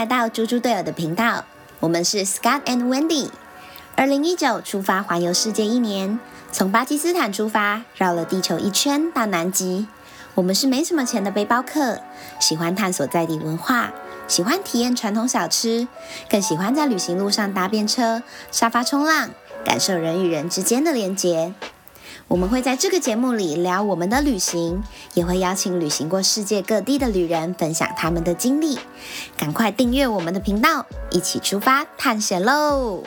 來到豬豬隊友的頻道，我們是 Scott and Wendy。二零一九出發環遊世界一年，從巴基斯坦出發，繞了地球一圈到南極。我們是沒什麼錢的背包客，喜歡探索在地文化，喜歡體驗傳統小吃，更喜歡在旅行路上搭便車、沙發衝浪，感受人與人之間的連結。我們會在這個節目裡聊我們的旅行，也會邀請旅行過世界各地的旅人分享他們的經歷。趕快訂閱我們的頻道，一起出發探險嘍！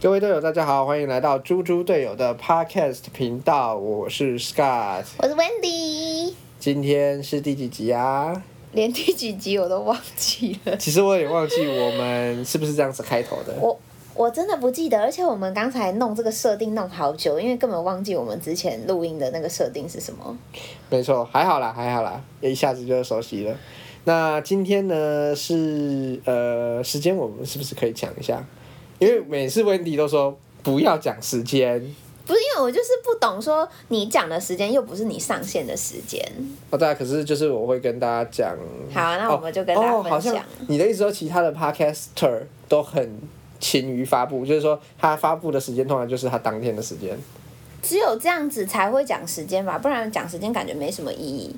各位隊友，大家好，歡迎來到豬豬隊友的 Podcast 頻道，我是 Scott，我是 Wendy，今天是第幾集啊？連第幾集我都忘記了。其實我有點忘記我們是不是這樣子開頭的 我。我我真的不記得，而且我們剛才弄這個設定弄好久，因為根本忘記我們之前錄音的那個設定是什麼。沒錯，還好啦，還好啦，也一下子就熟悉了。那今天呢是呃，時間我們是不是可以講一下？因為每次溫迪都說不要講時間。不是，因為我就是不懂，說你講的時間又不是你上線的時間。大家、哦啊、可是就是我會跟大家講。好、啊，那我們就跟大家分享。哦哦、你的意思說，其他的 Podcaster 都很勤於發布，就是說他發布的時間通常就是他當天的時間。只有這樣子才會講時間吧？不然講時間感覺沒什麼意義。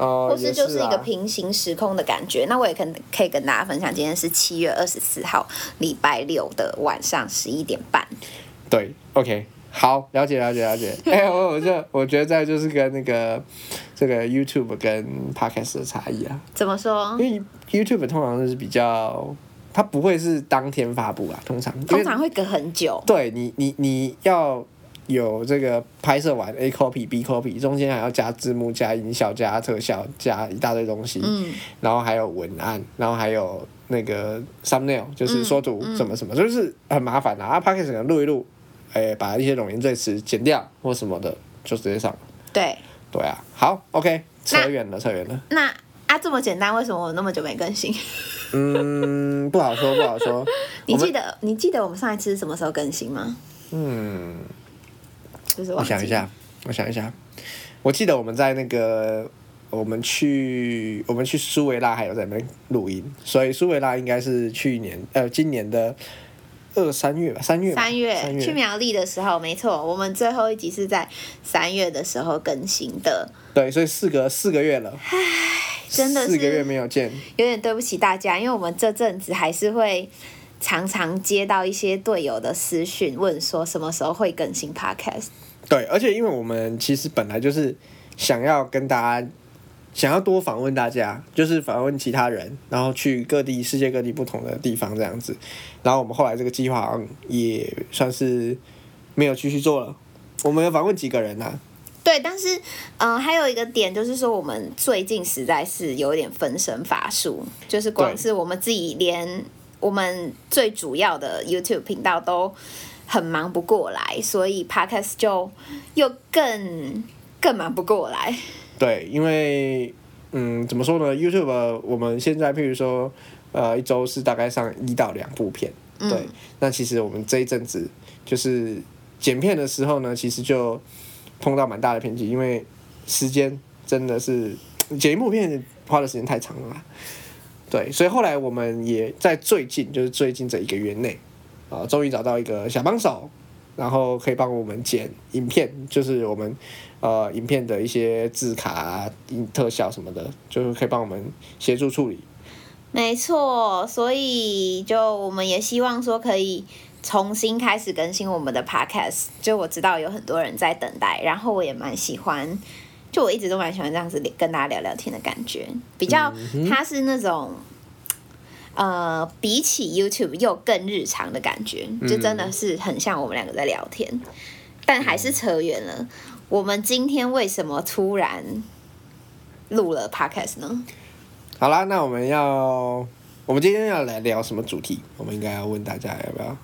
哦，是啊、或是就是一個平行時空的感覺。那我也可以可以跟大家分享，今天是七月二十四號，禮拜六的晚上十一點半。對，OK。好，了解了解了解。哎、欸，我我我覺得再就是跟那個這個 YouTube 跟 Podcast 的差異啊。怎麼說？YouTube 因為 you 通常都是比較，它不會是當天發布啊，通常通常會隔很久。對你，你你要有這個拍攝完 A copy B copy 中間還要加字幕、加音效、加特效、加一大堆東西，嗯、然後還有文案，然後還有那個 thumbnail，就是縮圖什麼什麼，嗯嗯、就是很麻煩啊。而、啊、Podcast 可能錄一錄。呃、欸，把一些冗言贅詞剪掉或什麼的，就直接上。對對啊，好，OK。扯遠了，那扯遠了。那啊，這麼簡單，為什麼我那麼久沒更新？嗯，不好說，不好說。 們你記得，你記得我們上一次什麼時候更新嗎？嗯，就是我想一下，我想一下。我記得我們在那個，我們去我們去蘇維拉還有在那邊錄音，所以蘇維拉應該是去年呃，今年的。二三月吧，三月，三月，三月去苗栗的時候，沒錯，我們最後一集是在三月的時候更新的。對，所以四個四個月了，哎，真的是四個月沒有見，有點對不起大家，因為我們這陣子還是會常常接到一些隊友的私訊，問說什麼時候會更新 Podcast。對，而且因為我們其實本來就是想要跟大家。想要多訪問大家，就是訪問其他人，然後去各地、世界各地不同的地方這樣子。然後我們後來這個計劃也算是沒有繼續做了。我們要訪問幾個人呢、啊？對，但是嗯、呃，還有一個點就是說，我們最近實在是有點分身乏術，就是光是我們自己，連我們最主要的 YouTube 頻道都很忙不過來，所以 Podcast 就又更更忙不過來。對，因為嗯，怎麼說呢？YouTube，我們現在譬如說，呃，一周是大概上一到兩部片。對，嗯、那其實我們這一陣子就是剪片的時候呢，其實就碰到蠻大的瓶頸，因為時間真的是剪一部片花的時間太長了。對，所以後來我們也在最近，就是最近這一個月內啊、呃，終於找到一個小幫手，然後可以幫我們剪影片，就是我們。呃，影片的一些字卡、啊、特效什麼的，就是可以幫我們協助處理。沒錯，所以就我們也希望說可以重新開始更新我們的 Podcast。就我知道有很多人在等待，然後我也蠻喜歡，就我一直都蠻喜歡這樣子跟大家聊聊天的感覺，比較它是那種、嗯、哼。呃，比起 YouTube 又更日常的感覺，就真的是很像我們兩個在聊天，嗯、但還是扯遠了。我們今天為什麼突然錄了 podcast 呢？好啦，那我們要，我們今天要來聊什麼主題？我們應該要問大家要不要？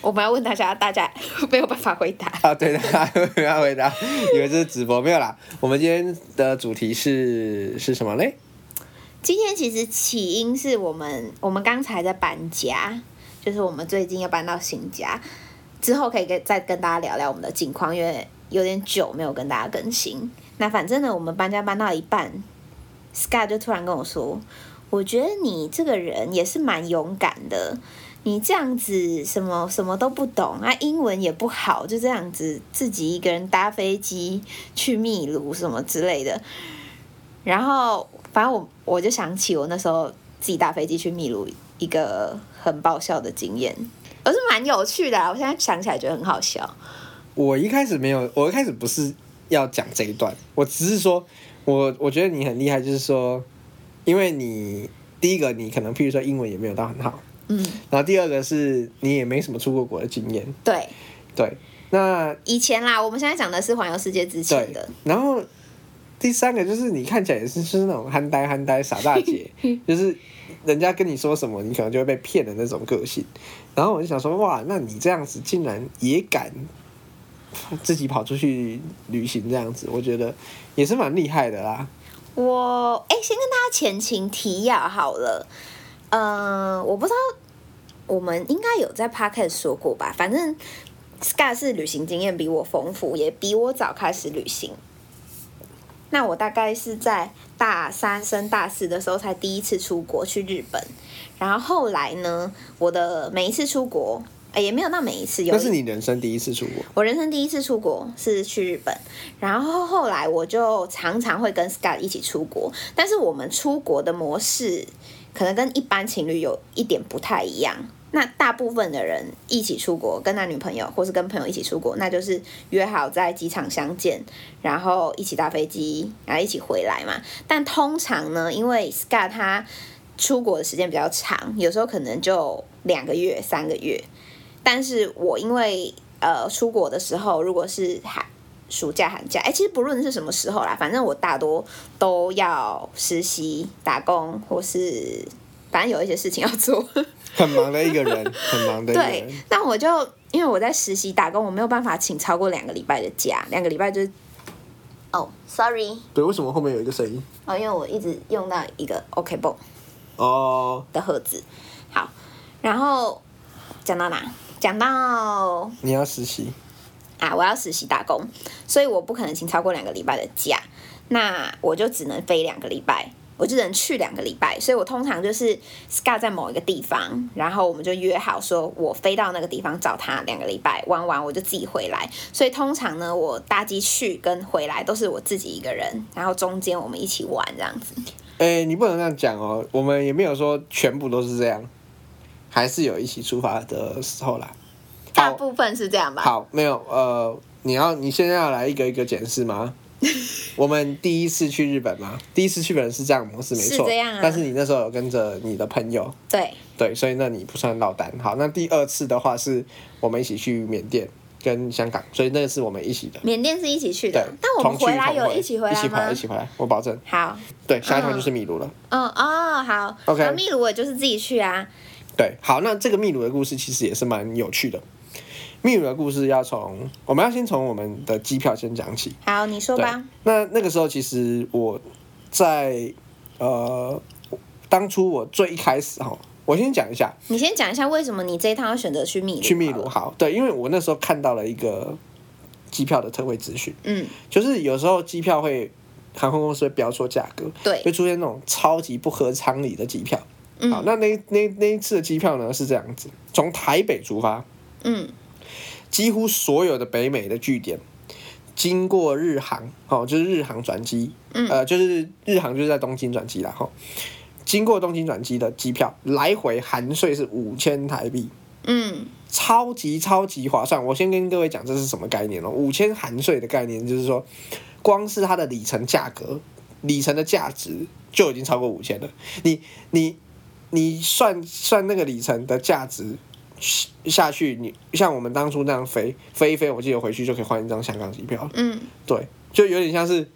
我們要問大家，大家沒有辦法回答 啊？對的，沒有辦法回答，以為這是直播，沒有啦。我們今天的主題是是什麼嘞？今天其實起因是我們，我們剛才在搬家，就是我們最近要搬到新家之後，可以跟再跟大家聊聊我們的近況，因為。有點久沒有跟大家更新。那反正呢，我們搬家搬到一半，Scott 就突然跟我說：“我覺得你這個人也是蠻勇敢的，你這樣子什麼什麼都不懂，啊，英文也不好，就這樣子自己一個人搭飛機去秘魯什麼之類的。”然後，反正我我就想起我那時候自己搭飛機去秘魯一個很爆笑的經驗，而是蠻有趣的啊。我現在想起來覺得很好笑。我一開始沒有，我一開始不是要講這一段，我只是說，我我覺得你很厲害，就是說，因為你第一個你可能譬如說英文也沒有到很好，嗯，然後第二個是你也沒什麼出過國的經驗，對對，那以前啦，我們現在講的是環遊世界之前的，對，然後第三個就是你看起來也是是那種憨呆憨呆傻大姐， 就是人家跟你說什麼你可能就會被騙的那種個性，然後我就想說，哇，那你這樣子竟然也敢。自己跑出去旅行這樣子，我覺得也是蠻厲害的啦。我哎、欸，先跟大家前情提要好了。嗯、呃，我不知道，我們應該有在 podcast 說過吧？反正 Scott 是旅行經驗比我豐富，也比我早開始旅行。那我大概是在大三升大四的時候才第一次出國去日本，然後後來呢，我的每一次出國。欸、也沒有到每一次，但是你人生第一次出國。我人生第一次出國是去日本，然後後來我就常常會跟 Scott 一起出國，但是我們出國的模式可能跟一般情侶有一點不太一樣。那大部分的人一起出國，跟男女朋友或是跟朋友一起出國，那就是約好在機場相見，然後一起搭飛機，然後一起回來嘛。但通常呢，因為 Scott 他出國的時間比較長，有時候可能就兩個月、三個月。但是我因為呃、出國的時候，如果是寒暑假、寒假，哎、欸，其實不論是什麼時候啦，反正我大多都要實習、打工，或是反正有一些事情要做，很忙的一個人，很忙的一個人。對，那我就因為我在實習打工，我沒有辦法請超過兩個禮拜的假，兩個禮拜就哦、是 oh，sorry，對，為什麼後面有一個聲音？哦，oh, 因為我一直用到一個 OK Bo，哦的盒子，好，然後講到哪？講到你要實習啊，我要實習打工，所以我不可能請超過兩個禮拜的假，那我就只能飛兩個禮拜，我就能去兩個禮拜，所以我通常就是 Scott 在某一個地方，然後我們就約好說，我飛到那個地方找他兩個禮拜玩完我就自己回來。所以通常呢，我搭機去跟回來都是我自己一個人，然後中間我們一起玩這樣子。誒，你不能這樣講哦，我們也沒有說全部都是這樣。還是有一起出發的時候啦，大部分是這樣吧？好，沒有呃，你要你現在要來一個一個檢視嗎？我們第一次去日本嗎？第一次去日本是這樣模式，沒錯，這樣。但是你那時候有跟着你的朋友，對對，所以那你不算落單。好，那第二次的話是我們一起去緬甸跟香港，所以那是我們一起的。緬甸是一起去的，對，但我們回來有一起回來嗎？一起回來，我保證。好，對，下一趟就是秘魯了。嗯哦，好，那秘魯我就是自己去啊。對，好，那這個秘魯的故事其實也是蠻有趣的。秘魯的故事要從，我們要先從我們的機票先講起。好，你說吧。那那個時候，其實我在呃，當初我最一開始哈、哦，我先講一下。你先講一下為什麼你這一趟要選擇去秘魯去秘魯？好，對，因為我那時候看到了一個機票的特惠資訊。嗯，就是有時候機票會航空公司會標錯價格，對，會出現那種超級不合常理的機票。嗯、好，那那那那一次的機票呢，是這樣子，從台北出發，嗯，幾乎所有的北美的據點，經過日航，哦，就是日航轉機，嗯，呃，就是日航就是在東京轉機了哈，經過東京轉機的機票來回含稅是五千台幣，嗯，超級超級划算。我先跟各位講這是什麼概念哦？五千含稅的概念就是說，光是它的里程價格，里程的價值就已經超過五千了，你你。你算算那個里程的價值下去，你像我們當初那樣飛飛一飛，我記得回去就可以換一張香港機票。嗯，對，就有點像是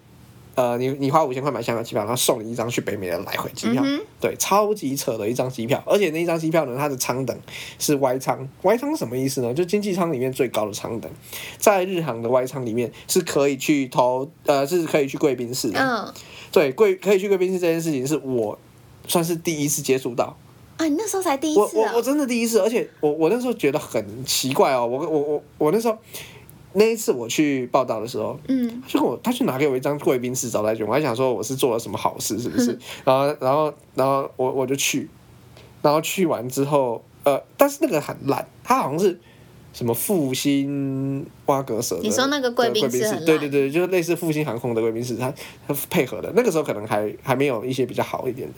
呃，你你花五千塊買香港機票，然後送你一張去北美的來回機票。嗯、哼對，超級扯的一張機票，而且那張機票呢，它的艙等是 Y 艙，Y 艙什麼意思呢？就經濟艙裡面最高的艙等，在日航的 Y 艙裡面是可以去投呃，是可以去貴賓室的。嗯、哦，對，貴可以去貴賓室這件事情是我。算是第一次接觸到啊！你那時候才第一次哦？我，我我真的第一次，而且我我那時候覺得很奇怪哦！我我我我那時候那一次我去報到的時候，嗯，他就跟我他就拿給我一張貴賓室招待券，我還想說我是做了什麼好事是不是？嗯，然後然後然後我我就去，然後去完之後，呃，但是那個很爛，他好像是。什麼復興挖格舍？你說那個貴賓室，對對對，就是類似復興航空的貴賓室，它它配合的。那個時候可能還還沒有一些比較好一點的，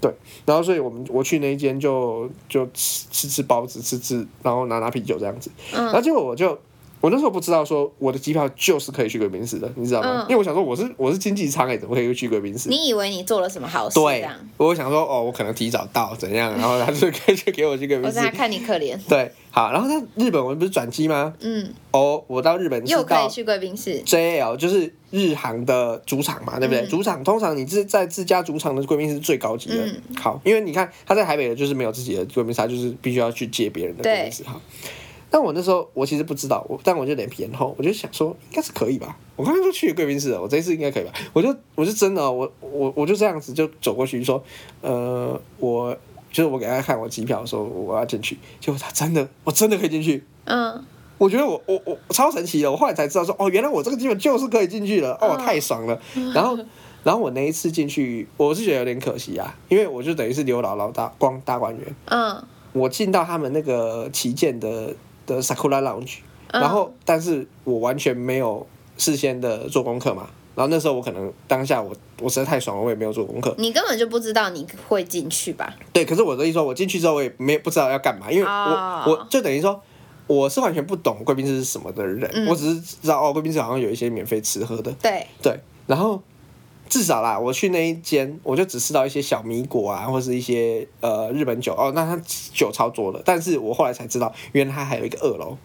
對。然後，所以我們我去那一間，就就吃吃吃包子，吃吃，然後拿拿啤酒這樣子。然後結果我就。嗯我那時候不知道說我的機票就是可以去貴賓室的，你知道嗎？哦、因為我想說我是我是經濟艙哎，怎麼可以去貴賓室？你以為你做了什麼好事？對，我想說哦，我可能提早到，怎樣？然後他就開始給我去貴賓室。 我在看你可憐。對，好，然後他日本我們不是轉機嗎？嗯，哦，oh, 我到日本又可以去貴賓室。JL 就是日航的主場嘛，對不對？嗯、主場通常你是在自家主場的貴賓室是最高級的。嗯、好，因為你看他在台北的，就是沒有自己的貴賓室，他就是必須要去借別人的貴賓室。對好。但我那時候我其實不知道，我但我就臉皮很厚，我就想說應該是可以吧。我剛剛就去貴賓室了，我這一次應該可以吧？我就我就真的、哦，我我我就這樣子就走過去說，呃，我就是我給他看我機票，說我要進去。結果他真的，我真的可以進去。嗯，我覺得我我我超神奇的。我後來才知道說，哦，原來我這個地方就是可以進去了。哦，太爽了。嗯、然後然後我那一次進去，我是覺得有點可惜啊，因為我就等於是劉姥姥大逛大觀園。嗯，我進到他們那個旗艦的。的 Sakura Lounge，嗯、然後，但是我完全沒有事先的做功課嘛，然後那時候我可能當下我我實在太爽了，我也沒有做功課，你根本就不知道你會進去吧？對，可是我的意思說，我進去之後我也沒不知道要幹嘛，因為我、哦、我就等於說我是完全不懂貴賓室是什麼的人，嗯、我只是知道哦，貴賓室好像有一些免費吃喝的，對對，然後。至少啦，我去那一間，我就只吃到一些小米果啊，或是一些呃日本酒哦。那它酒超多的，但是我後來才知道，原來它還有一個二樓，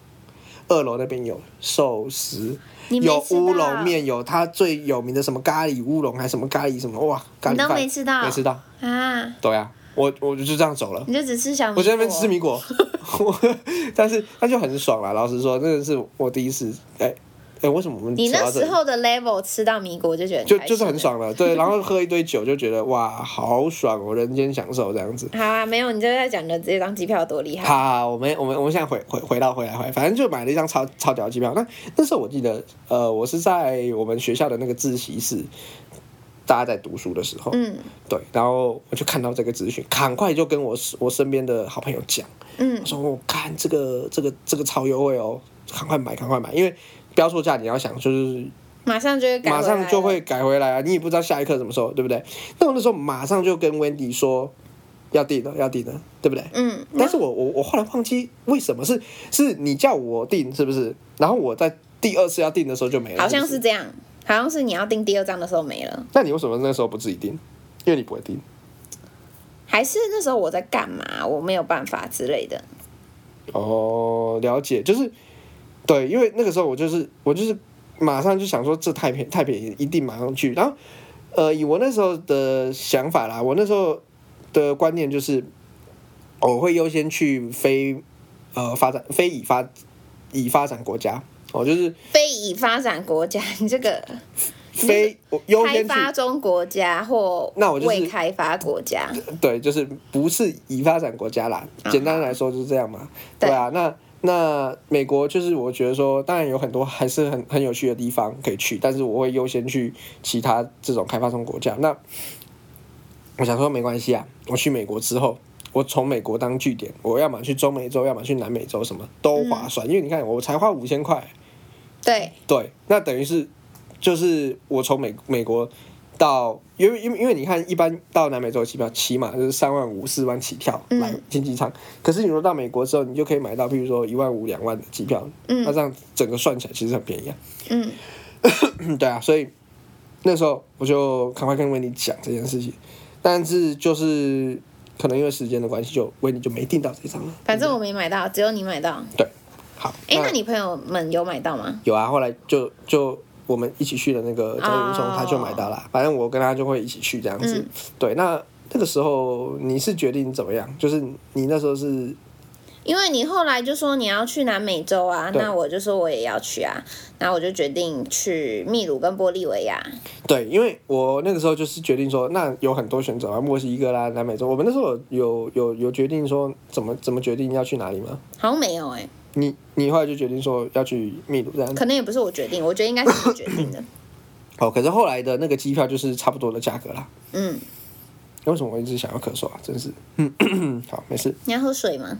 二樓那邊有壽司，有烏龍麵，有它最有名的什麼咖喱烏龍，還什麼咖喱什麼哇，咖喱你都沒吃到，沒吃到啊？對啊，我我就這樣走了，你就只吃小米果，我在那邊吃米果， 但是那就很爽了。老實說，真的是我第一次哎。欸哎、欸，為什麼我們吃你那時候的 level 吃到米國就覺得就就是很爽了，對，然後喝一堆酒就覺得 哇，好爽哦，我人間享受這樣子。好，啊，沒有，你就在講你的這張機票多厲害。好，啊，我們我們我們現在回回回到回來回來反正就買了一張超超屌的機票。那那時候我記得，呃，我是在我們學校的那個自習室，大家在讀書的時候，嗯，對，然後我就看到這個資訊，趕快就跟我我身邊的好朋友講，嗯，說我、哦、看這個這個這個超優惠哦，趕快買，趕快買，因為。標錯價，要你要想就是馬上就會改，馬上就會改回來啊！你也不知道下一刻什麼時候，對不對？那我那時候馬上就跟 Wendy 說要訂了，要訂了，對不對？嗯。但是我我我後來忘記為什麼是是你叫我訂，是不是？然後我在第二次要訂的時候就沒了，好像是這樣，是是好像是你要訂第二張的時候沒了。那你為什麼那時候不自己訂？因為你不會訂，還是那時候我在幹嘛？我沒有辦法之類的。哦，了解，就是。對，因為那個時候我就是我就是馬上就想說這太便太便宜，一定馬上去。然後，呃，以我那時候的想法啦，我那時候的觀念就是，哦、我會優先去非呃發展非已發已發展國家。哦，就是非已發展國家，你這個非優先開發中國家或那我未開發國家、就是，對，就是不是已發展國家啦。簡單來說就是這樣嘛，uh huh. 對啊，對那。那美國就是，我覺得說，當然有很多還是很很有趣的地方可以去，但是我會優先去其他這種開發中國家。那我想說，沒關係啊，我去美國之後，我從美國當據點，我要麼去中美洲，要麼去南美洲，什麼都划算。嗯、因為你看，我才花五千塊，對對，那等於是就是我從美美國。到因為因為因為你看，一般到南美洲的機票，起碼就是三萬五、四萬起跳，買經濟艙，嗯、可是你說到美國之後，你就可以買到，比如說一萬五、兩萬的機票，嗯、那這樣整個算起來其實很便宜啊。嗯， 對啊，所以那時候我就趕快跟維尼講這件事情，但是就是可能因為時間的關係，就維尼就沒訂到這張。反正我沒買到，嗯、只有你買到。對，好。哎、欸，那，那你朋友們有買到嗎？有啊，後來就就。我們一起去的那個在雲叢，他就買到了、啊。Oh. 反正我跟他就會一起去這樣子。嗯、對，那那個時候你是決定怎麼樣？就是你那時候是，因為你後來就說你要去南美洲啊，對那我就說我也要去啊，那我就決定去秘魯跟玻利維亞。對，因為我那個時候就是決定說，那有很多選擇啊，墨西哥啦、南美洲。我們那時候有有有有決定說怎麼怎麼決定要去哪裡嗎？好像沒有哎。你你後來就決定說要去秘魯，這樣？可能也不是我決定，我覺得應該是你決定的。 哦，可是後來的那個機票就是差不多的價格啦。嗯。為什麼我一直想要咳嗽啊？真是。嗯， 好，沒事。你要喝水嗎？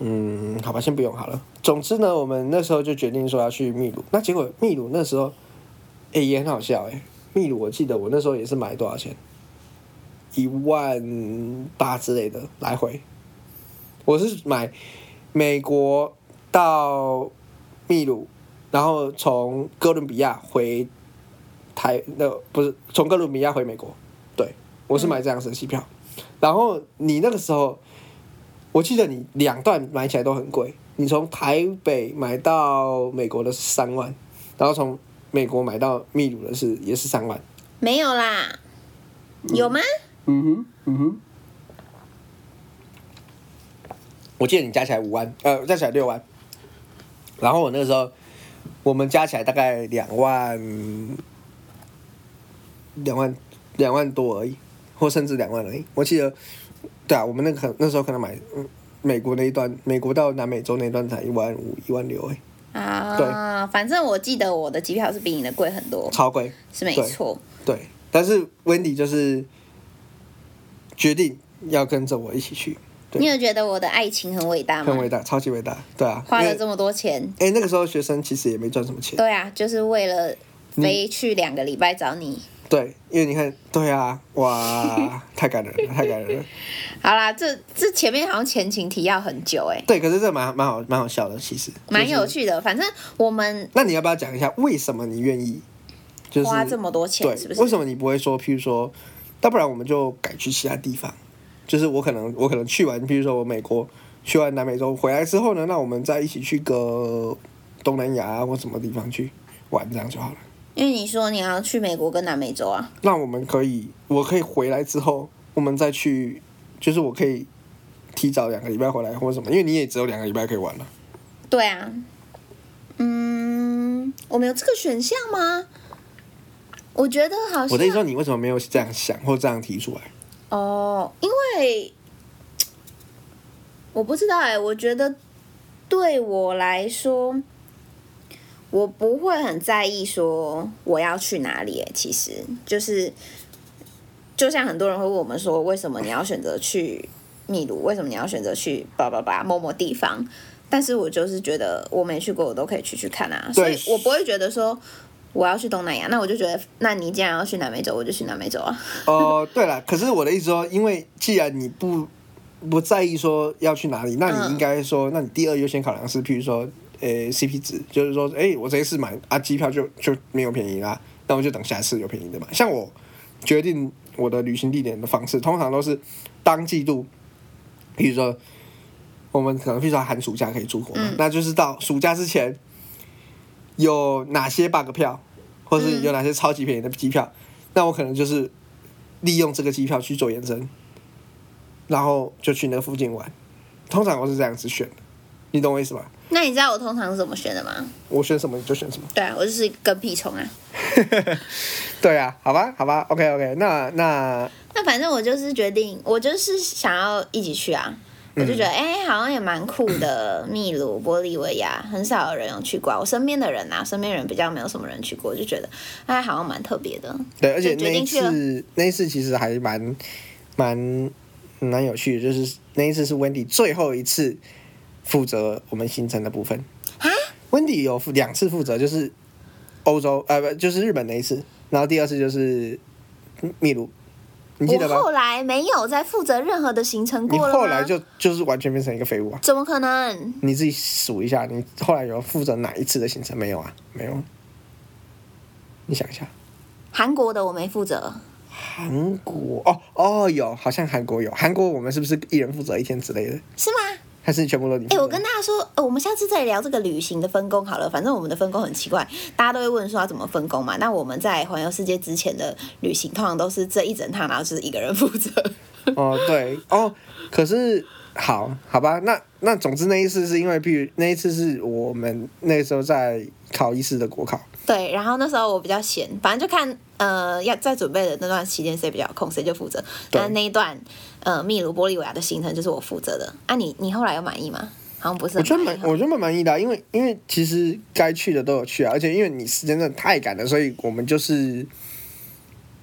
嗯，好吧，先不用好了。總之呢，我們那時候就決定說要去秘魯。那結果秘魯那時候，哎、欸、也很好笑哎、欸。秘魯我記得我那時候也是買多少錢？一萬八之類的來回。我是買。美國到秘魯，然後從哥倫比亞回台，那不是從哥倫比亞回美國。對，我是買這樣的神奇機票。嗯、然後你那個時候，我記得你兩段買起來都很貴。你從台北買到美國的是三萬，然後從美國買到秘魯的是也是三萬。沒有啦，嗯、有嗎？嗯哼，嗯哼。我記得你加起來五萬，呃，加起來六萬，然後我那個時候，我們加起來大概兩萬，兩萬兩萬多而已，或甚至兩萬而已。我記得，對啊，我們那個很那時候可能買，嗯，美國那一段，美國到南美洲那一段才一萬五、一萬六哎。啊，對啊，反正我記得我的機票是比你的貴很多，超貴，是沒錯。對，但是 Wendy 就是決定要跟着我一起去。對你有覺得我的愛情很偉大嗎？很偉大，超級偉大，對啊，為花了這麼多錢。哎、欸，那個時候學生其實也沒賺什麼錢。對啊，就是為了飛去兩個禮拜找你，你。對，因為你看，對啊，哇， 太感人了，太感人了。 好啦，這這前面好像前情提要很久哎、欸。對，可是這蠻蠻好蠻好笑的，其實。蠻、就是、有趣的，反正我們那你要不要講一下為什麼你願意？就是花這麼多錢，是不是？為什麼你不會說，譬如說，要不然我們就改去其他地方？就是我可能，我可能去完，比如說我美國去完南美洲回來之後呢，那我們再一起去個東南亞或什麼地方去玩，這樣就好了。因為你說你要去美國跟南美洲啊，那我們可以，我可以回來之後，我們再去，就是我可以提早兩個禮拜回來或什麼，因為你也只有兩個禮拜可以玩了，啊。對啊，嗯，我們有這個選項嗎？我覺得好像，我的意思說你為什麼沒有這樣想或這樣提出來？哦，oh, 因為我不知道哎、欸，我覺得對我來說，我不會很在意說我要去哪裡哎、欸，其實就是就像很多人會問我們說，為什麼你要選擇去秘魯？為什麼你要選擇去巴巴叭某某地方？但是我就是覺得我沒去過，我都可以去去看啊，對所以我不會覺得說。我要去東南亞，那我就覺得，那你既然要去南美洲，我就去南美洲啊。哦、 呃，對了，可是我的意思說，因為既然你不不在意說要去哪裡，那你應該說，嗯、那你第二優先考量是，譬如說，誒，CP 值，就是說，誒，我這次買啊機票就就沒有便宜啦、啊，那我就等下次有便宜的嘛。像我決定我的旅行地點的方式，通常都是當季度，比如說，我們可能譬如說寒暑假可以出國，嗯、那就是到暑假之前。有哪些 bug 票，或是有哪些超級便宜的機票，嗯、那我可能就是利用這個機票去做延伸，然後就去那附近玩。通常我是這樣子選，你懂我意思嗎？那你知道我通常是怎麼選的嗎？我選什麼你就選什麼。對啊，我就是跟屁蟲啊。 對啊，好吧，好吧，OK OK，那那那反正我就是決定，我就是想要一起去啊。我就覺得，哎、欸，好像也蠻酷的。秘魯、玻利維亞很少有人有去過、啊。我身邊的人吶、啊，身邊人比較沒有什麼人去過，我就覺得，哎，好像蠻特別的。對，而且那一次，那一次其實還蠻、蠻、蠻有趣的。就是那一次是 Wendy 最後一次負責我們行程的部分。蛤？Wendy 有兩次負責，就是歐洲，呃，不，就是日本那一次，然後第二次就是秘魯。你記得嗎？我後來沒有再負責任何的行程過了嗎？你後來就就是完全變成一個廢物啊？怎麼可能？你自己數一下，你後來有負責哪一次的行程沒有啊？沒有？你想一下，韓國的我沒負責。韓國哦哦有，好像韓國有，韓國我們，是不是一人負責一天之類的？是嗎？還是全部都你哎、欸！我跟大家說，呃，我們下次再聊這個旅行的分工好了。反正我們的分工很奇怪，大家都會問說要怎麼分工嘛。那我們在環遊世界之前的旅行，通常都是這一整趟，然後就是一個人負責。哦，對哦，可是好好吧，那那總之那一次是因為譬，比如那一次是我們那時候在考醫師的國考。對，然後那時候我比較閒，反正就看呃要在準備的那段期間誰比較空，誰就負責。那對那一段。呃，秘魯、玻利維亞的行程就是我負責的。啊你，你你後來有滿意嗎？好像不是很滿意，我，我覺得蠻，我覺得蠻滿意的啊，因為因為其實該去的都有去啊，而且因為你時間真的太趕了，所以我們就是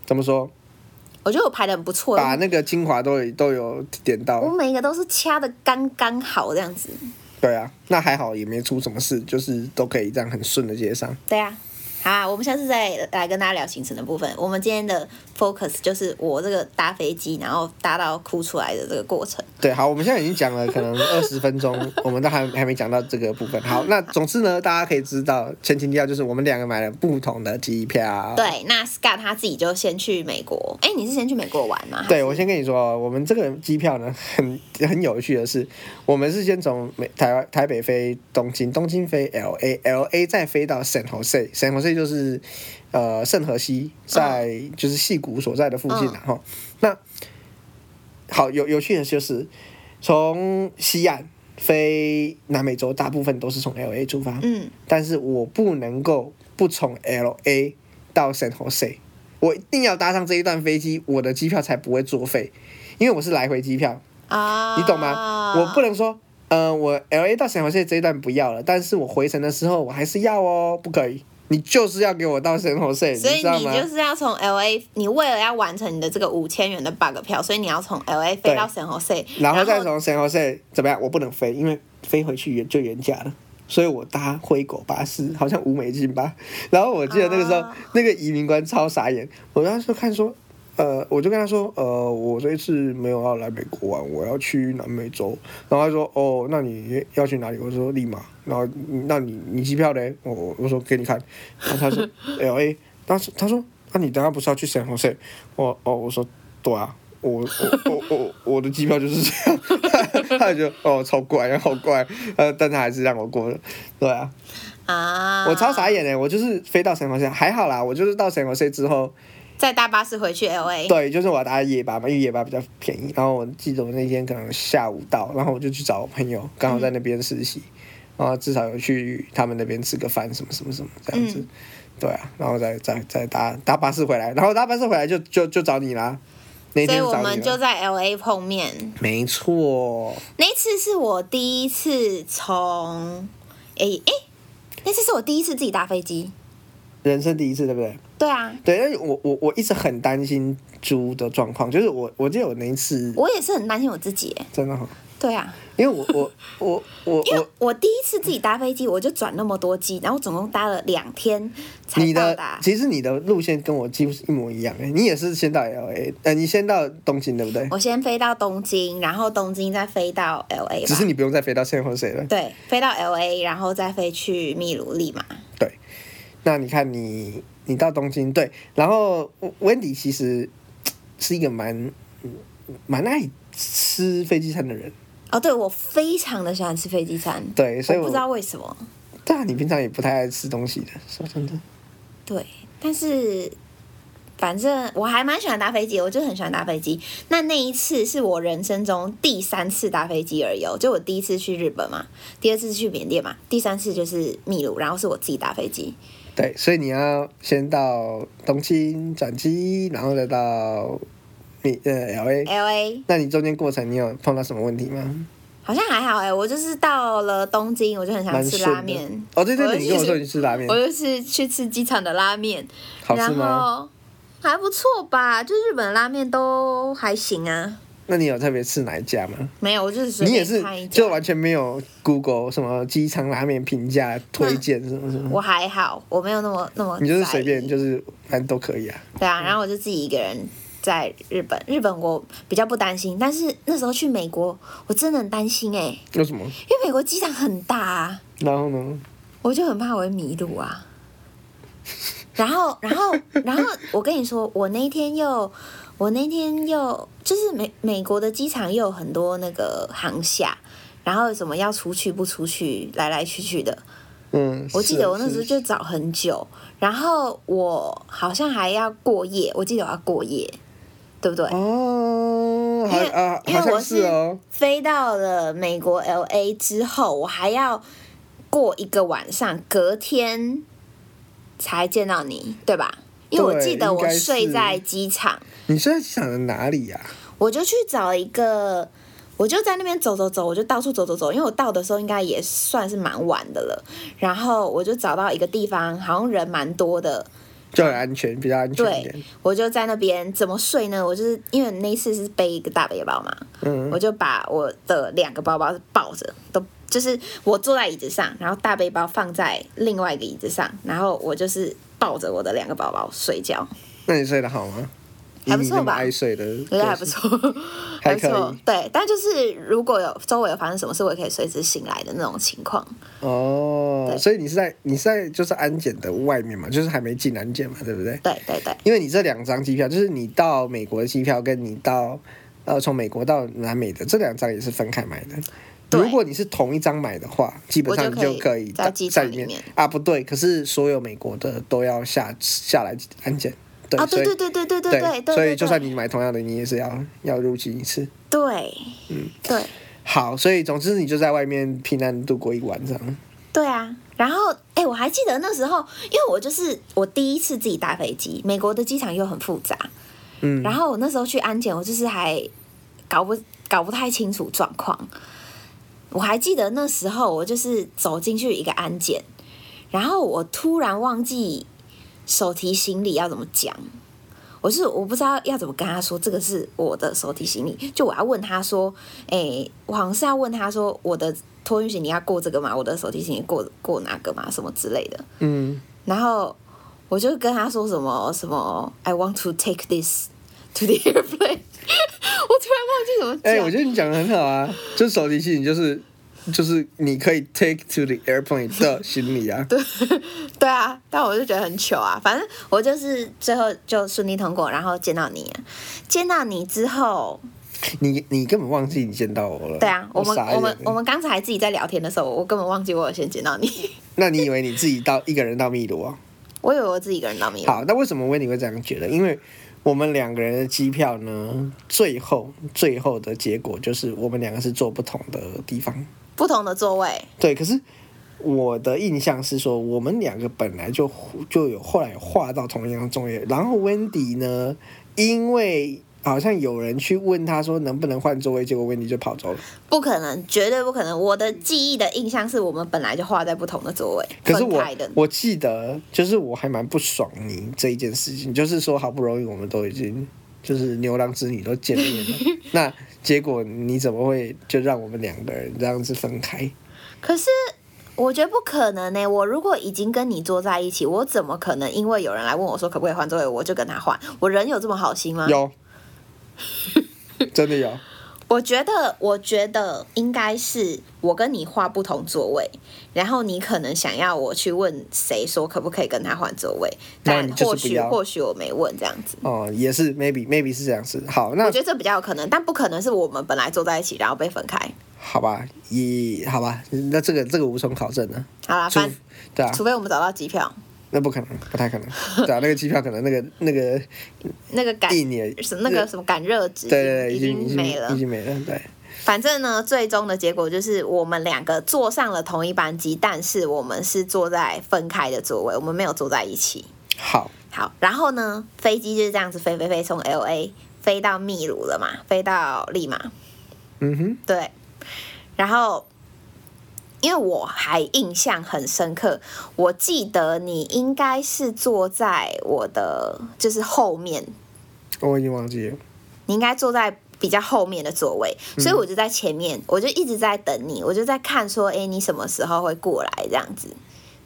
怎麼說？我覺得我排的很不錯，把那個精華都有都有點到。我每一個都是掐的剛剛好這樣子。對啊，那還好，也沒出什麼事，就是都可以這樣很順的接上。對啊。好、啊，我們下次再來跟大家聊行程的部分。我們今天的 focus 就是我這個搭飛機，然後搭到哭出來的這個過程。對，好，我們現在已經講了可能二十分鐘， 我們都還還沒講到這個部分。好，那總之呢，大家可以知道，前提條件就是我們兩個買了不同的機票。對，那 Scott 他自己就先去美國。哎、欸，你是先去美國玩嗎？對，我先跟你說，我們這個機票呢，很很有趣的是，我們是先從台台北飛東京，東京飛 L A L A 再飛到 San Jose，San Jose。就是，呃，聖荷西在、uh, 就是矽谷所在的附近然、啊、後、uh, 那好有有趣的就是，從西岸飛南美洲大部分都是從 L A 出發，嗯，但是我不能夠不從 L A 到 San Jose，、嗯 到 嗯、我一定要搭上這一段飛機，我的機票才不會作廢，因為我是來回機票啊，你懂嗎？我不能說，呃，我 L A 到 San Jose、啊、這一段不要了，但是我回程的時候我還是要哦，不可以。你就是要給我到聖何塞，所以你就是要從 L A，你為了要完成你的這個五千元的 bug 票，所以你要從 L A 飛到聖何塞，然後再從聖何塞怎麼樣？我不能飛，因為飛回去原就原價了，所以我搭灰狗巴士，好像五美金吧。然後我記得那個時候，oh. 那個移民官超傻眼，我當時候看說。呃，我就跟他說，呃，我這一次沒有要來美國玩，我要去南美洲。然後他說，哦，那你要去哪裡？我說，利馬。然後，那你你機票嘞？我我說給你看。然後他說，LA。當時 他說，那、啊、你等下不是要去聖胡斯？我哦，我說，對啊，我我我我我的機票就是這樣。 他就哦，超怪，好怪。呃，但他還是讓我過了，對啊。啊、uh，我超傻眼的、欸，我就是飛到聖胡斯，還好啦，我就是到聖胡斯之後。在搭巴士回去 LA，對，就是我要搭夜巴嘛，因為夜巴比較便宜。然後我記得我那天可能下午到，然後我就去找我朋友，剛好在那邊實習，嗯、然後至少有去他們那邊吃個飯，什麼什麼什麼這樣子，嗯、對啊，然後再再再搭搭巴士回來，然後搭巴士回來就就就找你啦。所以我們就,就在 LA 碰面，沒錯錯。那次是我第一次從誒誒，那次是我第一次自己搭飛機。人生第一次，對不對？對啊，對，因為我我我一直很擔心豬的狀況，就是我我記得我那一次，我也是很擔心我自己，真的哦？對啊， 因為我我我我我我第一次自己搭飛機，我就轉那麼多機，然後總共搭了兩天才到達。你的，其實你的路線跟我幾乎是一模一樣，你也是先到 L A，呃，你先到東京，對不對？我先飛到東京，然後東京再飛到 L A，只是你不用再飛到千葉水了。對，飛到 L A，然後再飛去秘魯利馬。那你看你，你到東京對，然後 Wendy 其實是一個蠻，蠻愛吃飛機餐的人哦。對，我非常的喜歡吃飛機餐。對，所以我，我不知道為什麼。對啊，你平常也不太愛吃東西的，說真的。對，但是反正我還蠻喜歡搭飛機，我就很喜歡搭飛機。那那一次是我人生中第三次搭飛機而已，就我第一次去日本嘛，第二次去緬甸嘛，第三次就是秘魯，然後是我自己搭飛機。對，所以你要先到東京轉機，然後再到你呃 L A。L A。那你中間過程你有碰到什麼問題嗎？好像還好哎，我就是到了東京，我就很想吃拉麵。哦，對對對，你跟我說你吃拉麵。我就是，我就是去吃機場的拉麵，然後還不錯吧，就是日本的拉麵都還行啊。那你有特別吃哪一家嗎？沒有，我就是隨便，你也是，就完全沒有 Google 什麼機場拉面評價、推薦什麼什麼。我還好，我沒有那麼那麼。你就是隨便，就是反正都可以啊。對啊，然後我就自己一個人在日本，嗯、日本我比較不擔心，但是那時候去美國，我真的很擔心哎、欸。為什麼？因為美國機場很大啊。然後呢？我就很怕我會迷路啊。 然後，然後，然後，我跟你說，我那天又。我那天又就是美美國的機場又有很多那個航廈，然後什麼要出去不出去，來來去去的。嗯，我記得我那時候就早很久，然後我好像還要過夜，我記得我要過夜，對不對？哦，啊、是哦，因為啊，因為我是飛到了美國 LA 之後，我還要過一個晚上，隔天才見到你，對吧？因為我記得我睡在機場。是你睡在機場的哪裡呀、啊？我就去找一個，我就在那邊走走走，我就到處走走走。因為我到的時候應該也算是蠻晚的了，然後我就找到一個地方，好像人蠻多的，就很安全，比較安全。對，我就在那邊怎麼睡呢？我就是因為那次是背一個大背包嘛，嗯，我就把我的兩個包包抱着，都就是我坐在椅子上，然後大背包放在另外一個椅子上，然後我就是。抱着我的兩個寶寶睡覺，那你睡得好嗎？還不錯吧，愛睡的覺得還不錯，還可以，還不錯。對，但就是如果有周圍有發生什麼事，我也可以隨時醒來的那種情況。哦，對所以你是在你是在就是安檢的外面嘛，就是還沒進安檢嘛，對不對？對對對。因為你這兩張機票，就是你到美國的機票，跟你到呃從美國到南美的這兩張也是分開買的。如果你是同一張買的話，對基本上你就可以，就可以在機場裡面，裡面啊，不對，可是所有美國的都要下下來安檢，對，對，對，對，對，對，對，對，對，對，對，所以就算你買同樣的，你也是要要入境一次。對，嗯，對，好，所以總之你就在外面平安度過一個晚上。對啊，然後哎、欸，我還記得那時候，因為我就是我第一次自己搭飛機，美國的機場又很複雜，嗯，然後我那時候去安檢，我就是還搞不搞不太清楚狀況。我還記得那時候，我就是走進去一個安檢，然後我突然忘記手提行李要怎麼講，我就是我不知道要怎麼跟他說這個是我的手提行李，就我要問他說，誒、欸，我好像是要問他說我的托運行李要過這個嗎？我的手提行李過過哪個嗎？什麼之類的。嗯，然後我就跟他說什麼什麼，I want to take this to the airplane。突然忘記怎麼講。哎、欸，我覺得你講的很好啊！ 就，就是手提行李，就是就是你可以 take to the airplane 的行李啊。 對對啊，但我就覺得很糗啊。反正我就是最後就順利通過，然後見到你，見到你之後，你你根本忘記你見到我了。對啊，我，我們我們我們剛才還自己在聊天的時候，我根本忘記我有先見到你。 那你以為你自己到一個人到秘魯？哦？我以為我自己一個人到秘魯。好，那為什麼 Wendy 會這樣覺得？因為。我們兩個人的機票呢？最後，最後的結果就是我們兩個是坐不同的地方，不同的座位。對，可是我的印象是說，我們兩個本來就就有後來畫到同一個座位，然後 Wendy 呢，因為。好像有人去問他說能不能換座位，結果 Wendy 就跑走了。不可能，絕對不可能！我的記憶的印象是我們本來就畫在不同的座位，可是我我記得就是我還蠻不爽你這一件事情，就是說好不容易我們都已經就是牛郎織女都見面了了， 那結果你怎麼會就讓我們兩個人這樣子分開？可是我覺得不可能呢、欸。我如果已經跟你坐在一起，我怎麼可能因為有人來問我說可不可以換座位，我就跟他換？我人有這麼好心嗎？有。 真的有？我覺得，我覺得應該是我跟你畫不同座位，然後你可能想要我去問誰說可不可以跟他換座位，但或許或許我沒問這樣子。哦，也是，maybe maybe 是這樣子。好，那我覺得這比較有可能，但不可能是我們本來坐在一起然後被分開。好吧，一好吧，那這個這個無從考證呢。好啦，翻對啊，除非我們找到機票。那不可能，不太可能。找、啊、那個機票可能那個 那個、那個、那個感年那個什麼感熱值已經對對對，已經沒了，已經沒了對。反正呢，最終的結果就是我們兩個坐上了同一班機，但是我們是坐在分開的座位，我們沒有坐在一起。好。好，然後呢，飛機就是這樣子飛飛飛，從 LA 飛到秘魯了嘛，飛到利馬。嗯哼。對。然後。因為我還印象很深刻，我記得你應該是坐在我的就是後面。我已經忘記了。你應該坐在比較後面的座位，所以我就在前面，嗯、我就一直在等你，我就在看說，哎、欸，你什麼時候會過來？這樣子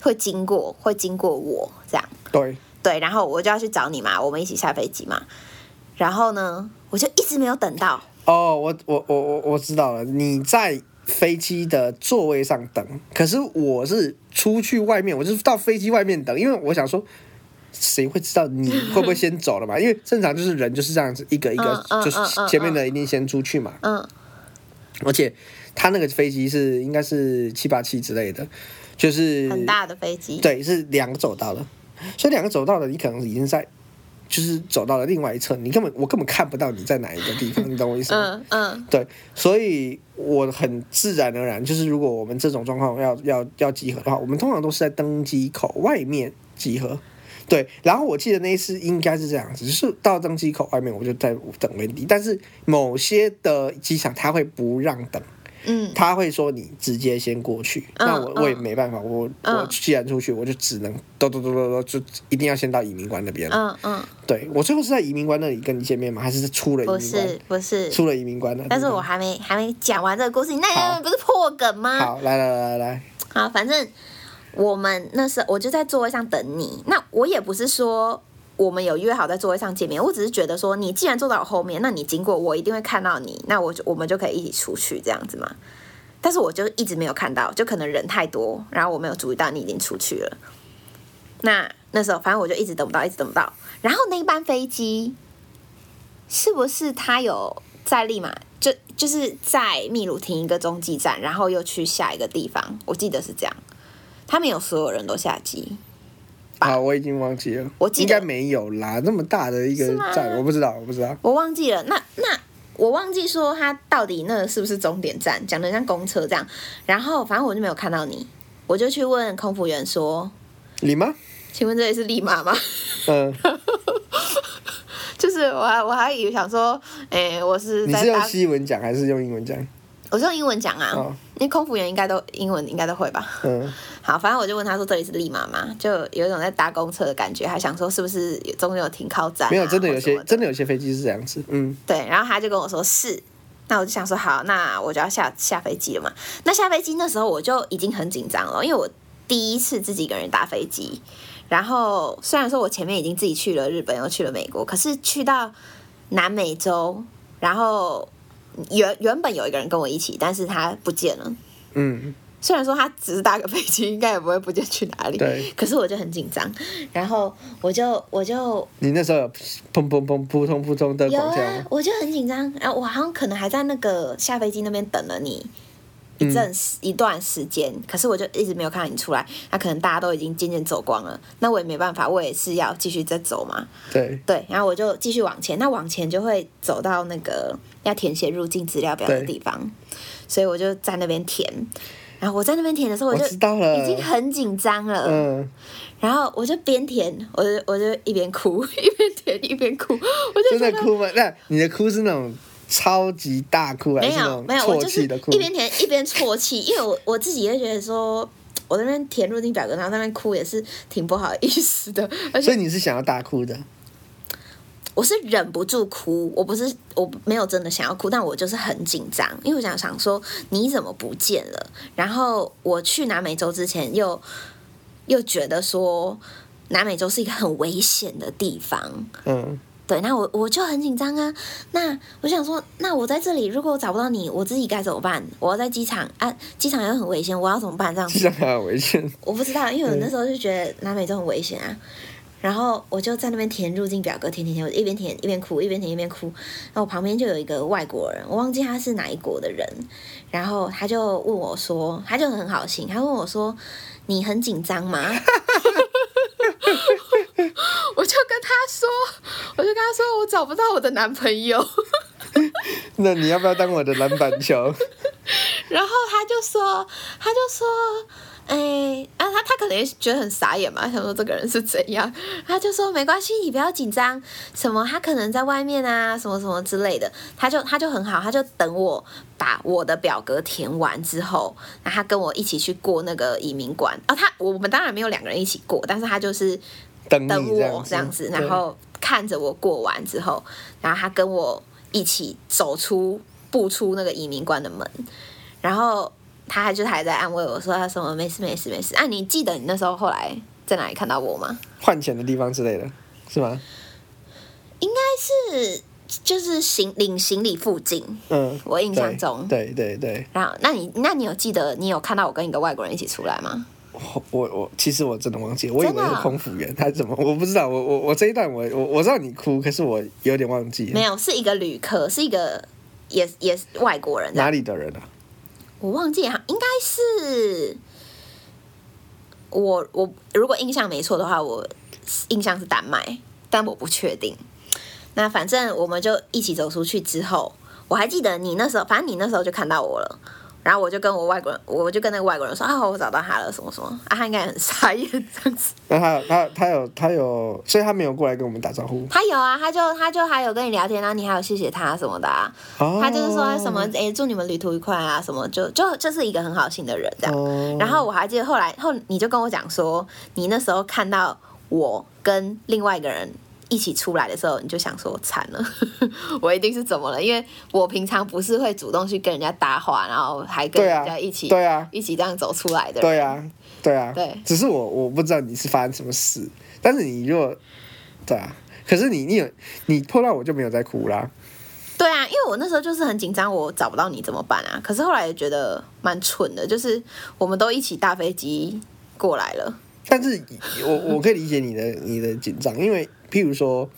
會經過，會經過我這樣。對對，然後我就要去找你嘛，我們一起下飛機嘛。然後呢，我就一直沒有等到。哦，我我我我我知道了，你在。飛機的座位上等，可是我是出去外面，我就是到飛機外面等，因為我想說，誰會知道你會不會先走了嘛？ 因為正常就是人就是這樣子，一個一個，嗯嗯、就是前面的一定先出去嘛。嗯。嗯嗯而且他那個飛機是應該是七八七之類的，就是很大的飛機。對，是兩個走道的，所以兩個走道的你可能已經在。就是走到了另外一側，你根本我根本看不到你在哪一個地方，你懂我意思嗎？嗯 嗯，嗯對，所以我很自然而然，就是如果我們這種狀況要要要集合的話，我們通常都是在登機口外面集合。對，然後我記得那一次應該是這樣子，就是到登機口外面我就在等 Wendy，但是某些的機場它會不讓等。嗯，他會說你直接先過去，嗯、那我我也沒辦法，嗯、我我既然出去，我就只能嘟嘟嘟嘟嘟，就一定要先到移民關那邊，嗯。嗯嗯，對，我最後是在移民關那裡跟你見面嘛，還是出了移民，不是不是，不是出了移民關了。但是我還沒還沒講完這個故事，你那樣不是破梗嗎？好，好，來來來來，來，好，反正我們那時候我就在座位上等你。那我也不是說。我們有約好在座位上見面，我只是覺得說，你既然坐在我後面，那你經過我一定會看到你，那我就我們就可以一起出去這樣子嘛。但是我就一直沒有看到，就可能人太多，然後我沒有注意到你已經出去了。那那時候反正我就一直等不到，一直等不到。然後那一班飛機是不是他有在利馬就就是在秘魯停一個中繼站，然後又去下一個地方？我記得是這樣，他沒有所有人都下機。啊，我已經忘記了，我記得，應該沒有啦，那麼大的一個站，嗎我不知道，我不知道。我忘記了，那那我忘記說他到底那是不是終點站，講的像公車這樣，然後反正我就沒有看到你，我就去問空服員說：“你馬媽，請問這裡是立馬嗎？”嗯， 就是我還我還以為想說，哎、欸，我是在你是用西文講還是用英文講？我是用英文講啊，哦、因為空服員應該都英文應該都會吧？嗯。好，反正我就問他說：“這裡是利馬嗎？”就有一種在搭公車的感覺，還想說是不是中間有停靠站啊？沒有，真的有些的真的有些飛機是這樣子。嗯，對。然後他就跟我說：“是。”那我就想說：“好，那我就要下下飛機了嘛。”那下飛機那時候我就已經很緊張了，因為我第一次自己一個人搭飛機。然後雖然說我前面已經自己去了日本，又去了美國，可是去到南美洲，然後原原本有一個人跟我一起，但是他不見了。嗯。雖然說他只是搭個飛機，應該也不會不見去哪裡。對。可是我就很緊張，然後我就我就，你那時候有砰砰砰撲通撲通的狂跳嗎？有啊。我就很緊張。然後我好像可能還在那個下飛機那邊等了你一陣、嗯、一段時間，可是我就一直沒有看到你出來。那、啊、可能大家都已經漸漸走光了。那我也沒辦法，我也是要繼續再走嘛。對。對。然後我就繼續往前，那往前就會走到那個要填寫入境資料表的地方，對所以我就在那邊填。然後我在那邊填的時候，我就已經很緊張了。了嗯，然後我就邊填，我就我就一邊哭一邊填，一邊，填一邊哭，我真的哭嗎？那你的哭是那種超級大哭沒有，還是沒有啜泣的哭？一邊填一邊啜泣， 因為我我自己也覺得說，我在那邊填入境表格，然後那邊哭也是挺不好意思的。而且，所以你是想要大哭的。我是忍不住哭，我不是我沒有真的想要哭，但我就是很緊張，因為我想想說你怎麼不見了？然後我去南美洲之前又，又又覺得說南美洲是一個很危險的地方。嗯，對，那我我就很緊張啊。那我想說，那我在這裡，如果我找不到你，我自己該怎麼辦？我要在機場啊，機場又很危險，我要怎麼辦？這樣機場還很危險，我不知道，因為我那時候就覺得南美洲很危險啊。然後我就在那邊填入境表格，填填填，我一邊填一邊哭，一邊填一邊哭。然後我旁邊就有一個外國人，我忘記他是哪一國的人。然後他就問我說，他就很好心，他問我說：“你很緊張嗎？” 我就跟他說，我就跟他說，我找不到我的男朋友 。 那你要不要當我的籃板球？ 然後他就說，他就說。哎、欸，啊，他他可能也覺得很傻眼嘛，想說這個人是怎樣，他就說沒關係，你不要緊張。什麼，他可能在外面啊，什麼什麼之類的。他就他就很好，他就等我把我的表格填完之後，然後他跟我一起去過那個移民關。啊、哦，他我們當然沒有兩個人一起過，但是他就是等我這樣子，然後看着我過完之後，然後他跟我一起走出步出那個移民關的門，然後。他還就還在安慰我說他什麼沒事沒事沒事。啊，你記得你那時候後來在哪裡看到我嗎？換錢的地方之類的是嗎？應該是就是行領行李附近。嗯，我印象中，對對對。對對對。然後，那你那你有記得你有看到我跟一個外國人一起出來嗎？我我我，其實我真的忘記，我以為是空服員，他怎麼我不知道。我我我這一段我我我知道你哭，可是我有點忘記。沒有，是一個旅客，是一個也也是外國人，哪裡的人啊？我忘記啊，應該是我我如果印象沒錯的話，我印象是丹麥，但我不確定。那反正我們就一起走出去之後，我還記得你那時候，反正你那時候就看到我了。然後我就跟我外國人，我就跟那個外國人說啊、哦，我找到他了，什麼什麼，啊、他應該很詫異這樣子。然後他他他有他有，他有，所以他沒有過來跟我們打招呼。他有啊，他就他就還有跟你聊天、啊，然後你還有謝謝他什麼的啊。哦、他就是說什麼，哎、欸，祝你們旅途愉快啊，什麼就就這、就是一個很好心的人這樣。哦、然後我還記得後來，後你就跟我講說，你那時候看到我跟另外一個人。一起出來的時候，你就想說慘了， 我一定是怎麼了？因為我平常不是會主動去跟人家搭話，然後還跟人家一起，對啊，對啊，一起這樣走出來的，對啊，對啊，對。只是我我不知道你是發生什麼事，但是你如果，對啊，可是你你有你碰到我就沒有再哭啦，對啊，因為我那時候就是很緊張，我找不到你怎麼辦啊？可是後來覺得蠻蠢的，就是我們都一起搭飛機過來了。但是我我可以理解你的你的緊張，因為譬如說，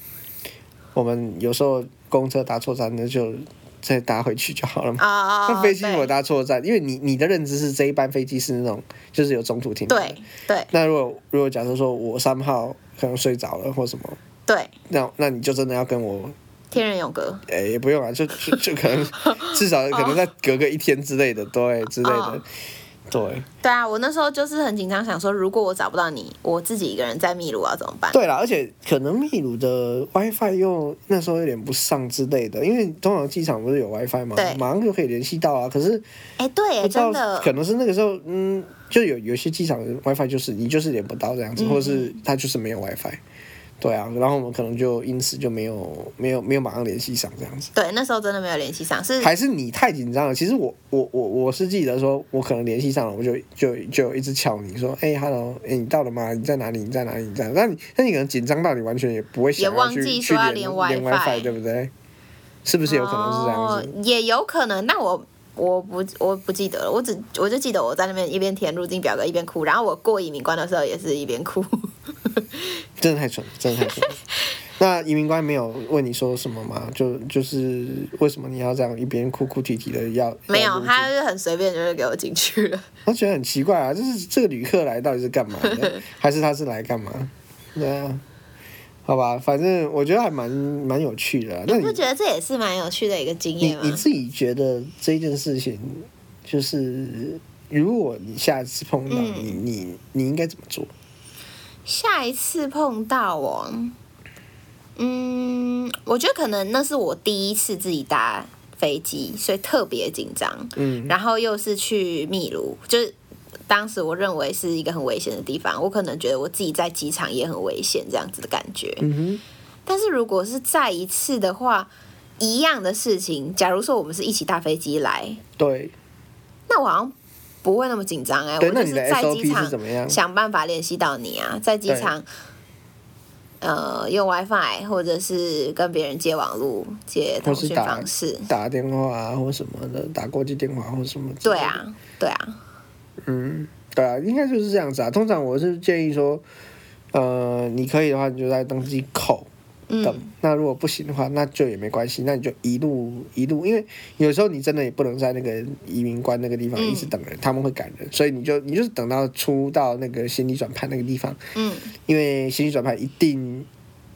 我們有時候公車搭錯站，那就再搭回去就好了嘛。哦、那飛機如果搭錯站，對因為你你的認知是這一班飛機是那種就是有中途停的對，對對。那如果如果假設說我三號可能睡着了或什麼，對，那那你就真的要跟我天人永隔，哎也、欸、不用啊，就就，就可能 至少可能再隔個一天之類的，對之類的。哦對，對啊，我那時候就是很緊張，想說如果我找不到你，我自己一個人在秘魯要、啊、怎麼辦？對了，而且可能秘魯的 WiFi 又那時候連不上之類的，因為通常機場不是有 WiFi 嗎？嘛，對，馬上就可以聯繫到啊。可是，哎、欸，對、欸，真的，可能是那個時候，嗯，就有有些機場 WiFi 就是你就是連不到這樣子，嗯嗯或是它就是沒有 WiFi。對啊，然後我們可能就因此就沒有沒有沒有馬上聯繫上這樣子。對，那時候真的沒有聯繫上，是還是你太緊張了？其實我我我我是記得說，我可能聯繫上了，我就就就一直敲你說，哎，hello，哎，你到了嗎？你在哪裡？你在哪裡？你在哪裡？那你那你可能緊張到你完全也不會要也忘記說要連去連，連 WiFi，對不對？是不是有可能是這樣子？哦，也有可能。那我我不我不記得了，我只我就記得我在那邊一邊填入境表格一邊哭，然後我過移民關的時候也是一邊哭。 真的太蠢了，真的太蠢了。 那移民官沒有問你說什麼嗎？就就是為什麼你要這樣一邊哭哭啼啼的要？沒有，他就是很隨便，就是給我進去了。我覺得很奇怪啊，就是這個旅客來到底是幹嘛的？ 還是他是來幹嘛？對啊，好吧，反正我覺得還蠻蠻有趣的啊。你不覺得這也是蠻有趣的一個經驗嗎？你，你自己覺得這件事情，就是如果你下次碰到、嗯、你你你應該怎麼做？下一次碰到我，嗯，我覺得可能那是我第一次自己搭飛機，所以特別緊張。嗯哼，然後又是去秘魯，就是當時我認為是一個很危險的地方，我可能覺得我自己在機場也很危險，這樣子的感覺。嗯哼，但是如果是再一次的話，一樣的事情，假如說我們是一起搭飛機來，對，那我好像。不會那麼緊張哎，對我就是在機機場想辦法聯繫到你啊，在機場，對呃，用 WiFi 或者是跟別人借網絡借通訊方式打，打電話啊或什麼的，打國際電話或什麼。對啊，對啊，嗯，對啊，應該就是這樣子啊。通常我是建議說，呃，你可以的話，你就在登機口。嗯、等，那如果不行的話，那就也沒關係。那你就一路一路，因為有時候你真的也不能在那個移民關那個地方一直等人，嗯、他們會趕人，所以你就你就是等到出到那個行李轉盤那個地方。嗯，因為行李轉盤一定，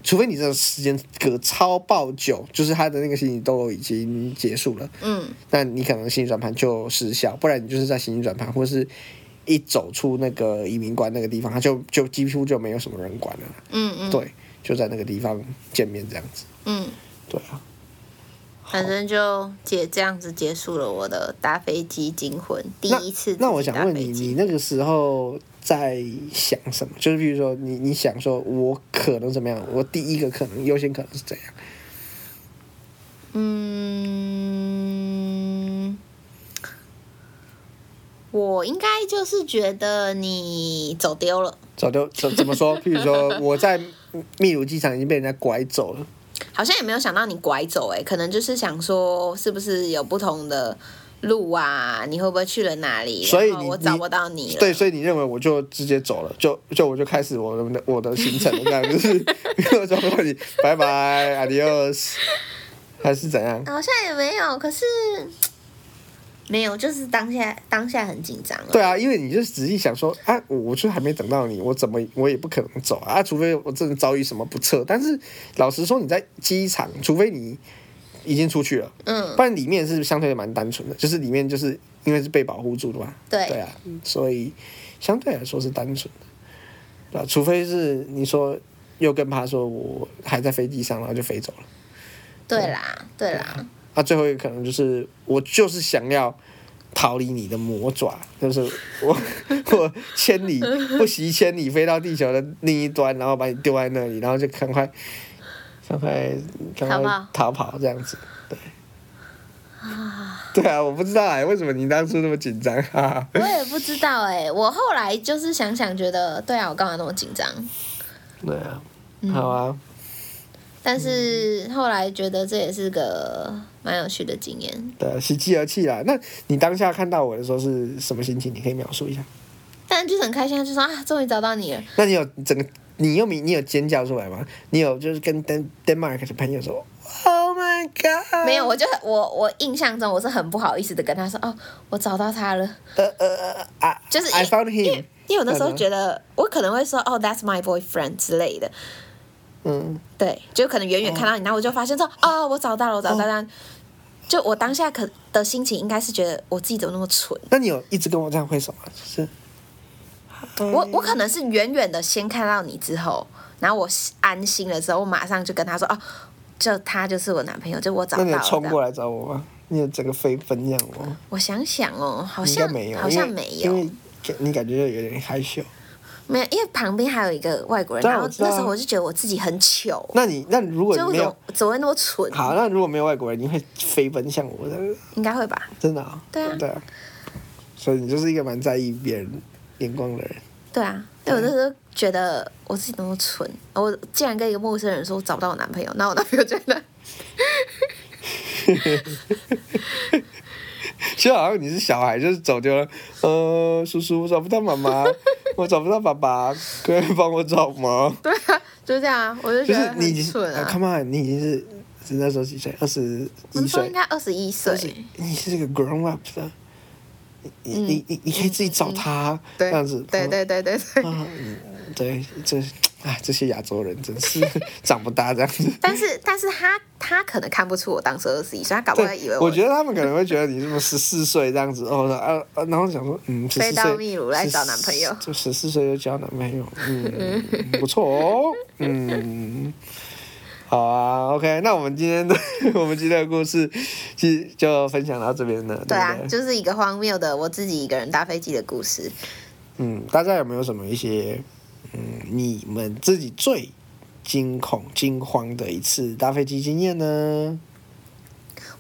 除非你這個時間隔超爆久，就是他的那個行李都已經結束了。嗯，那你可能行李轉盤就失效，不然你就是在行李轉盤，或者是一走出那個移民關那個地方，他就就幾乎就沒有什麼人管了。嗯，嗯對。就在那個地方見面，這樣子。嗯，對啊，反正就結，這樣子結束了我的搭飛機驚魂那第一次那。那我想問你，你那個時候在想什麼？就是比如說你，你你想說，我可能怎麼樣？我第一個可能優先可能是怎樣？嗯，我應該就是覺得你走丟了。走丟怎怎麼說？譬如說，我在。 秘魯機場已經被人家拐走了，好像也沒有想到你拐走哎、欸，可能就是想說是不是有不同的路啊？你會不會去了哪裡？所以我找不到你了，對，所以你認為我就直接走了，就就我就開始我的我的行程，這樣 就是各種拜拜，adios，還是怎樣？好像、哦、也沒有，可是。沒有，就是當下當下很緊張。對啊，因為你就仔細想說，啊，我就還沒等到你，我怎麼我也不可能走啊，啊，除非我真的遭遇什麼不測。但是老實說，你在機場，除非你已經出去了，嗯，不然裡面是相對的蠻單純的，就是裡面就是因為是被保護住的嘛。對。對啊，所以相對來說是單純的，啊，除非是你說又跟他說我還在飛機上，然後就飛走了。對啦，嗯、對啦。對啦。那、啊、最後一個可能就是我就是想要逃離你的魔爪，就是我我千里不惜千里飛到地球的另一端，然後把你丟在那裡，然後就趕快趕快趕快逃跑，這樣子好好。對啊，對啊，我不知道哎、啊，為什麼你當初那麼緊張、啊？我也不知道哎、欸，我後來就是想想覺得，對啊，我幹嘛那麼緊張？對啊，好啊、嗯，但是後來覺得這也是個。蠻有趣的經驗，對，喜極而泣啦。那你當下看到我的時候是什麼心情？你可以描述一下。但就是很開心，就說啊，終於找到你了。那你有整個，你又沒，你有尖叫出來嗎？你有就是跟 Den Denmark 的朋友說，Oh my God！沒有，我就我我印象中我是很不好意思的跟他說，哦，我找到他了。呃呃呃啊，就是 I found him。因為有的時候覺得我可能會說，哦，That's my boyfriend 之類的。嗯，對，就可能遠遠看到你，然後我就發現說啊，我找到了，我找到了。就我當下可的心情，應該是覺得我自己怎麼那麼蠢。那你有一直跟我這樣揮手嗎？就是我，哎、我可能是遠遠的先看到你之後，然後我安心了之後，我馬上就跟他說：“哦、啊，就他就是我男朋友，就我找。”那你衝過來找我嗎？你有整個飛奔這樣嗎？我想想哦，好像沒有，好像沒有因，因為你感覺有點害羞。沒有，因為旁邊還有一個外國人，然後那時候我就覺得我自己很糗。那你那你如果就沒有，怎、怎會那麼蠢？好，那如果沒有外國人，你會飛奔向我的，的應該會吧？真的哦？對啊，對啊。所以你就是一個蠻在意別人眼光的人。對啊，對啊。我那時候覺得我自己那麼蠢，我竟然跟一個陌生人說我找不到我男朋友，那我男朋友在哪？ 就好像你是小孩，就是走丟了，呃，叔叔找不到媽媽。 我找不到爸爸，可以幫我找嗎？對啊，就這樣啊，我就覺得很蠢啊，come on，你已經是那時候幾歲？二十？你說應該二十一歲？20，你是個 grown up 的，你、嗯、你你，你可以自己找他，嗯嗯、這樣子。對對對對對，對這。哎，這些亞洲人真是長不大這樣子。 但是，但是他他可能看不出我當時二十一歲，他搞不好以為我。我覺得他們可能會覺得你這麼十四歲這樣子，哦，啊、呃、啊、呃，然後想說，嗯，飛到秘魯來找男朋友，就十四歲就交男朋友，嗯，不錯哦，嗯，好啊，OK，那我們今天， 我們今天的故事就就分享到這邊了。對啊，對對，就是一個荒謬的我自己一個人搭飛機的故事。嗯，大家有沒有什麼一些？嗯，你們自己最驚恐、驚慌的一次搭飛機經驗呢？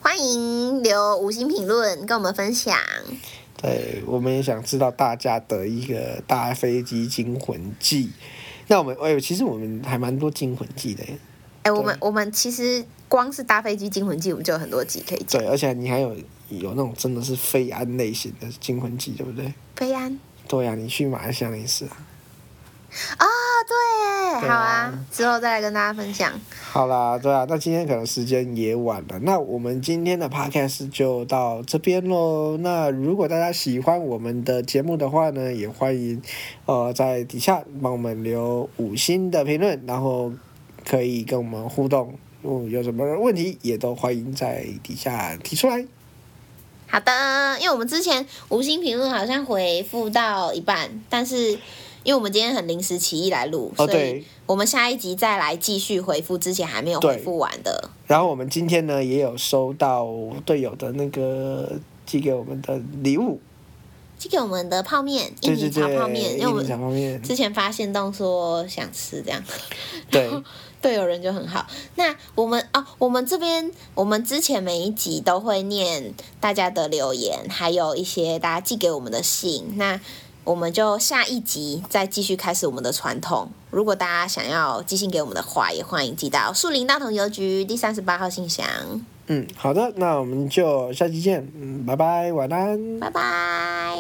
歡迎留五星評論跟我們分享。對，我們也想知道大家的一個搭飛機驚魂記。那我們哎、欸，其實我們還蠻多驚魂記的。哎、欸，我們我們其實光是搭飛機驚魂記，我們就有很多集可以講。對，而且你還有有那種真的是飛安類型的驚魂記，對不對？飛安。對呀、啊，你去馬來西亞也是啊。好啊，之後再來跟大家分享。好啦，對啊，那今天可能時間也晚了，那我們今天的 podcast 就到這邊嘍。那如果大家喜歡我們的節目的話呢，也歡迎，呃，在底下幫我們留五星的評論，然後可以跟我們互動，如果有有什麼問題也都歡迎在底下提出來。好的，因為我們之前五星評論好像回復到一半，但是。因為我們今天很臨時起意來錄，哦、所以我們下一集再來繼續回復對之前還沒有回復完的。然後我們今天呢也有收到隊友的那個寄給我們的禮物，寄給我們的泡麵，印尼炒泡麵，對對對，因為我們印尼炒泡麵。之前發現東說想吃這樣，對，隊 友人就很好。那我們哦，我們這邊，我們之前每一集都會念大家的留言，還有一些大家寄給我們的信。那。我們就下一集再繼續開始我們的傳統。如果大家想要寄信給我們的話，也歡迎寄到樹林大同郵局第三十八號信箱。嗯，好的，那我們就下期見。嗯，拜拜，晚安。拜拜。